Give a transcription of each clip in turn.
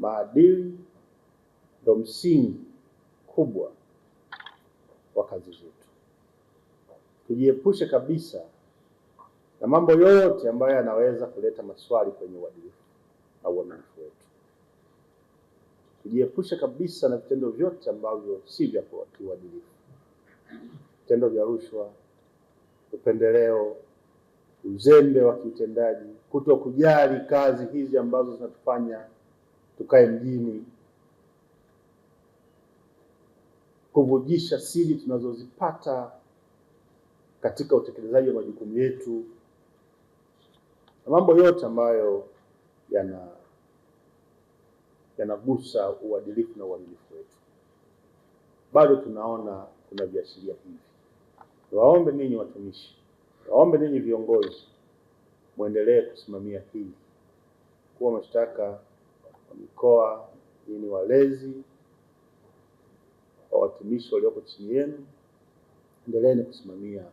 maadili ndo msingi kubwa wa kazi zetu. Tujiepushe kabisa na mambo yote ambayo yanaweza kuleta maswali kwenye uadilifu na uaminifu wetu. Tujiepushe kabisa na vitendo vyote ambavyo si vya kiuadilifu, vitendo vya rushwa, upendeleo, uzembe wa kiutendaji, kuto kujali kazi hizi ambazo zinatufanya tukae mjini kuvujisha siri tunazozipata katika utekelezaji wa majukumu yetu na mambo yote ambayo yana yanagusa uadilifu na uadilifu wetu. Bado tunaona kuna viashiria hivi. Niwaombe ninyi watumishi, niwaombe ninyi viongozi, mwendelee kusimamia hili. kuwa mashtaka wa mikoa, nyinyi ni walezi wa watumishi walioko chini yenu, endeleeni kusimamia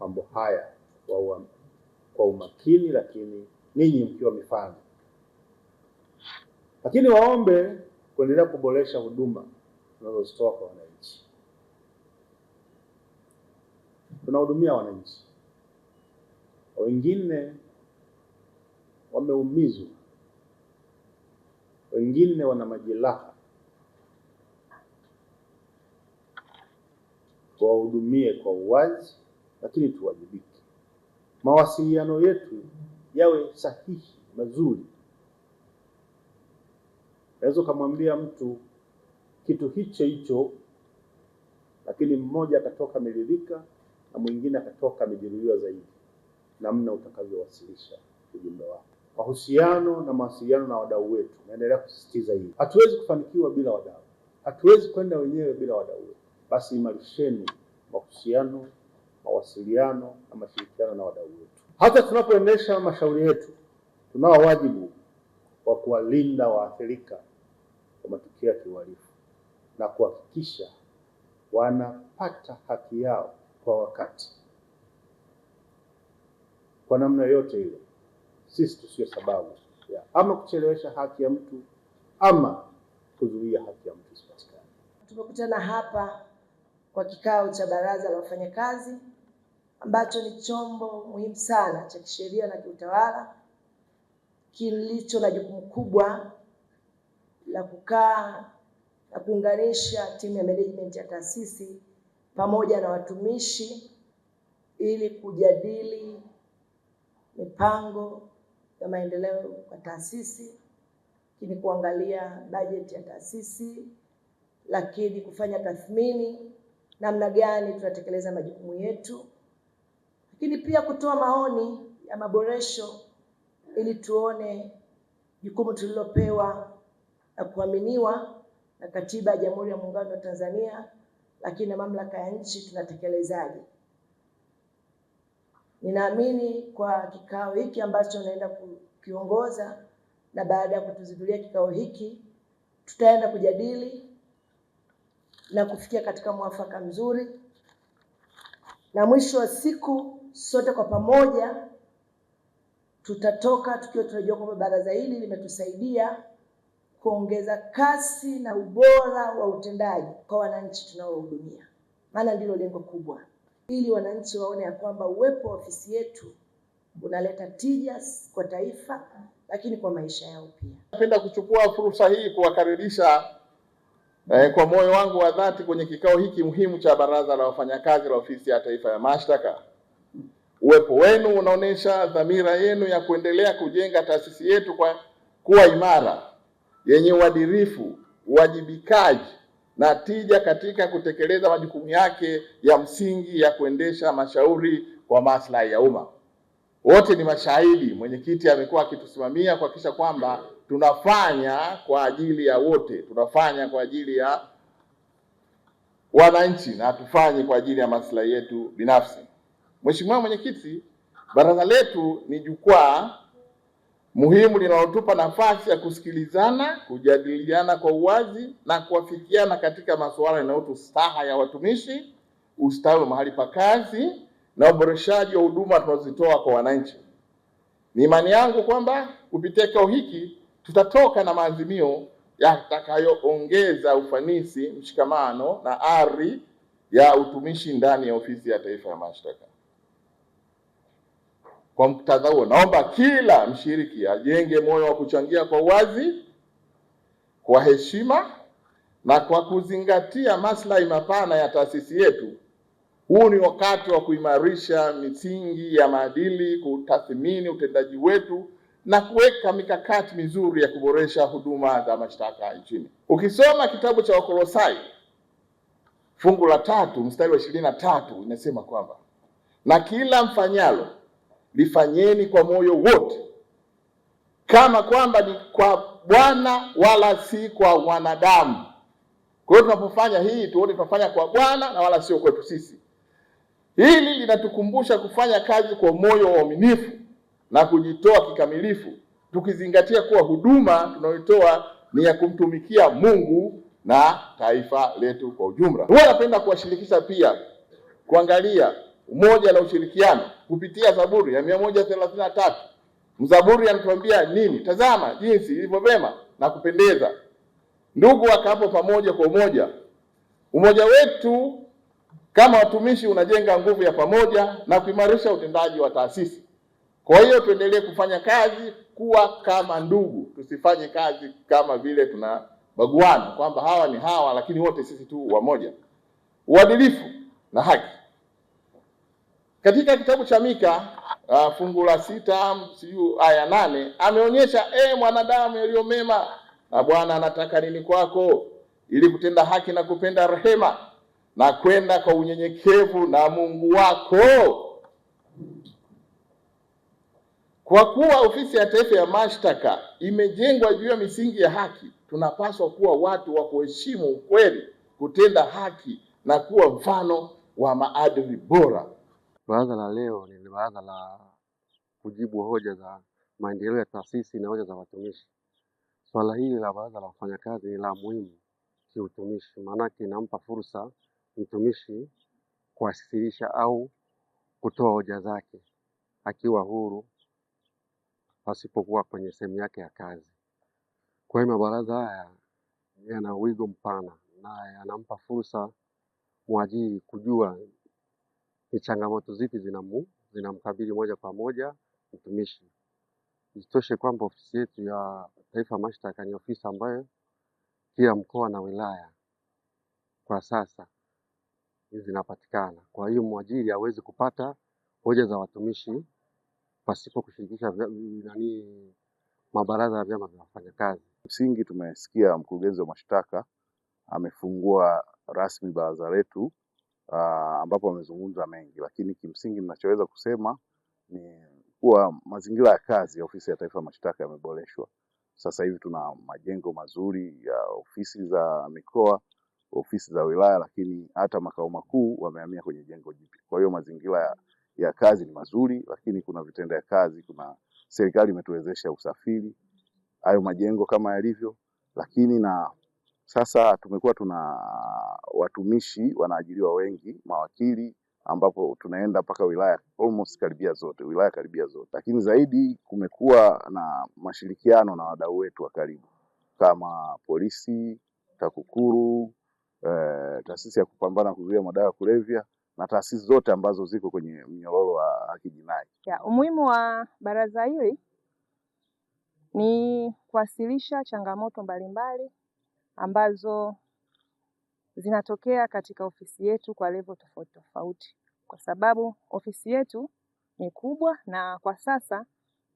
mambo haya kwa umakini, lakini ninyi mkiwa mifano. Lakini waombe kuendelea kuboresha huduma tunazozitoa kwa wananchi. Tunahudumia wananchi, wengine wameumizwa wengine wana majeraha, tuwahudumie kwa uwazi, lakini tuwajibike. Mawasiliano yetu yawe sahihi, mazuri. naweza ukamwambia mtu kitu hicho hicho, lakini mmoja akatoka ameridhika na mwingine akatoka amejeruhiwa zaidi, namna utakavyowasilisha ujumbe wako mahusiano na mawasiliano na wadau wetu. Naendelea kusisitiza hili, hatuwezi kufanikiwa bila wadau, hatuwezi kwenda wenyewe bila wadau wetu. Basi imarisheni mahusiano, mawasiliano na mashirikiano na wadau wetu. Hata tunapoendesha mashauri yetu, tunao wajibu wa kuwalinda waathirika wa matukio ya kiuhalifu na kuhakikisha wanapata haki yao kwa wakati, kwa namna yote ile sisi tusiwe sababu ya ama kuchelewesha haki ya mtu ama kuzuia haki ya mtu isipatikane. Tumekutana hapa kwa kikao cha Baraza la Wafanyakazi ambacho ni chombo muhimu sana cha kisheria na kiutawala kilicho na jukumu kubwa la kukaa na kuunganisha timu ya management ya taasisi pamoja na watumishi ili kujadili mipango ya maendeleo kwa taasisi, lakini kuangalia bajeti ya taasisi, lakini kufanya tathmini namna gani tunatekeleza majukumu yetu, lakini pia kutoa maoni ya maboresho ili tuone jukumu tulilopewa na kuaminiwa na Katiba ya Jamhuri ya Muungano wa Tanzania, lakini na mamlaka ya nchi tunatekelezaje. Ninaamini kwa kikao hiki ambacho naenda kukiongoza na baada ya kutuzindulia kikao hiki, tutaenda kujadili na kufikia katika mwafaka mzuri, na mwisho wa siku sote kwa pamoja tutatoka tukiwa tunajua kwamba baraza hili limetusaidia kuongeza kasi na ubora wa utendaji kwa wananchi tunaohudumia, maana ndilo lengo kubwa ili wananchi waone ya kwamba uwepo wa ofisi yetu unaleta tija kwa taifa, lakini kwa maisha yao pia. Napenda kuchukua fursa hii kuwakaribisha eh, kwa moyo wangu wa dhati kwenye kikao hiki muhimu cha Baraza la Wafanyakazi la Ofisi ya Taifa ya Mashtaka. Uwepo wenu unaonyesha dhamira yenu ya kuendelea kujenga taasisi yetu kwa kuwa imara yenye uadilifu, uwajibikaji na tija katika kutekeleza majukumu yake ya msingi ya kuendesha mashauri kwa maslahi ya umma. Wote ni mashahidi, mwenyekiti amekuwa akitusimamia kuhakikisha kwamba tunafanya kwa ajili ya wote, tunafanya kwa ajili ya wananchi na hatufanyi kwa ajili ya maslahi yetu binafsi. Mheshimiwa Mwenyekiti, baraza letu ni jukwaa muhimu linalotupa nafasi ya kusikilizana, kujadiliana kwa uwazi na kuafikiana katika masuala yanayohusu staha ya watumishi, ustawi wa mahali pa kazi na uboreshaji wa huduma tunazozitoa kwa wananchi. Ni imani yangu kwamba kupitia kikao hiki tutatoka na maazimio yatakayoongeza ufanisi, mshikamano na ari ya utumishi ndani ya Ofisi ya Taifa ya Mashtaka. Kwa muktadha huo, naomba kila mshiriki ajenge moyo wa kuchangia kwa uwazi, kwa heshima na kwa kuzingatia maslahi mapana ya taasisi yetu. Huu ni wakati wa kuimarisha misingi ya maadili, kutathmini utendaji wetu na kuweka mikakati mizuri ya kuboresha huduma za mashtaka nchini. Ukisoma kitabu cha Wakolosai fungu la tatu mstari wa ishirini na tatu inasema kwamba na kila mfanyalo lifanyeni kwa moyo wote, kama kwamba ni kwa Bwana wala si kwa wanadamu. Kwa hiyo tunapofanya hii tuone tunafanya kwa Bwana na wala sio kwetu sisi. Hili linatukumbusha kufanya kazi kwa moyo wa uaminifu na kujitoa kikamilifu, tukizingatia kuwa huduma tunayotoa ni ya kumtumikia Mungu na taifa letu kwa ujumla. Huwa napenda kuwashirikisha pia kuangalia umoja na ushirikiano kupitia Zaburi ya mia moja thelathini na tatu. Mzaburi anatuambia nini? Tazama jinsi ilivyo vema na kupendeza ndugu wakapo pamoja kwa umoja. Umoja wetu kama watumishi unajenga nguvu ya pamoja na kuimarisha utendaji wa taasisi. Kwa hiyo tuendelee kufanya kazi kuwa kama ndugu, tusifanye kazi kama vile tuna baguana kwamba hawa ni hawa, lakini wote sisi tu wamoja. Uadilifu na haki katika kitabu cha Mika uh, fungu la sita siyo aya nane ameonyesha e, mwanadamu yaliyo mema na ah, Bwana anataka nini kwako, ili kutenda haki na kupenda rehema na kwenda kwa unyenyekevu na Mungu wako. Kwa kuwa ofisi ya taifa ya mashtaka imejengwa juu ya misingi ya haki, tunapaswa kuwa watu wa kuheshimu ukweli, kutenda haki na kuwa mfano wa maadili bora. Baraza la leo ni baraza la kujibu hoja za maendeleo ya taasisi na hoja za watumishi. Swala hili la baraza la wafanyakazi ni la muhimu kiutumishi, maanake inampa fursa mtumishi kuwasilisha au kutoa hoja zake akiwa huru pasipokuwa kwenye sehemu yake ya kazi. Kwa hiyo mabaraza haya yana wigo mpana na yanampa fursa mwajiri kujua ni changamoto zipi zinamkabili moja kwa moja mtumishi? Isitoshe kwamba ofisi yetu ya Taifa Mashtaka ni ofisi ambayo kila mkoa na wilaya kwa sasa zinapatikana. Kwa hiyo mwajiri hawezi kupata hoja za watumishi pasipo kushirikisha nani mabaraza ya vyama vya wafanyakazi. Msingi tumesikia mkurugenzi wa mashtaka amefungua rasmi baraza letu uh, ambapo wamezungumza mengi, lakini kimsingi ninachoweza kusema ni kuwa mazingira ya kazi ya Ofisi ya Taifa ya Mashtaka yameboreshwa. Sasa hivi tuna majengo mazuri ya ofisi za mikoa, ofisi za wilaya, lakini hata makao makuu wamehamia kwenye jengo jipya. Kwa hiyo mazingira ya, ya kazi ni mazuri, lakini kuna vitendea kazi, kuna serikali imetuwezesha usafiri hayo majengo kama yalivyo, lakini na sasa tumekuwa tuna watumishi wanaajiriwa wengi, mawakili, ambapo tunaenda mpaka wilaya almost karibia zote, wilaya karibia zote, lakini zaidi kumekuwa na mashirikiano na wadau wetu wa karibu kama polisi, TAKUKURU, eh, taasisi ya kupambana kuzuia madawa ya kulevya na taasisi zote ambazo ziko kwenye mnyororo wa haki jinai. Umuhimu wa baraza hili ni kuwasilisha changamoto mbalimbali ambazo zinatokea katika ofisi yetu kwa levo tofauti tofauti, kwa sababu ofisi yetu ni kubwa na kwa sasa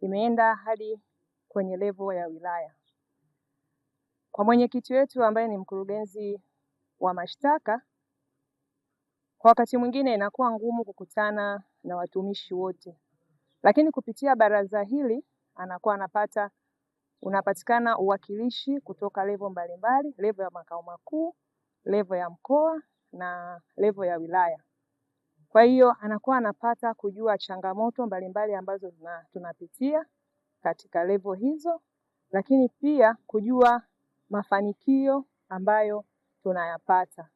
imeenda hadi kwenye levo ya wilaya. Kwa mwenyekiti wetu ambaye ni mkurugenzi wa mashtaka, kwa wakati mwingine inakuwa ngumu kukutana na watumishi wote, lakini kupitia baraza hili anakuwa anapata unapatikana uwakilishi kutoka levo mbalimbali, levo ya makao makuu, levo ya mkoa na levo ya wilaya. Kwa hiyo anakuwa anapata kujua changamoto mbalimbali ambazo tunapitia katika levo hizo, lakini pia kujua mafanikio ambayo tunayapata.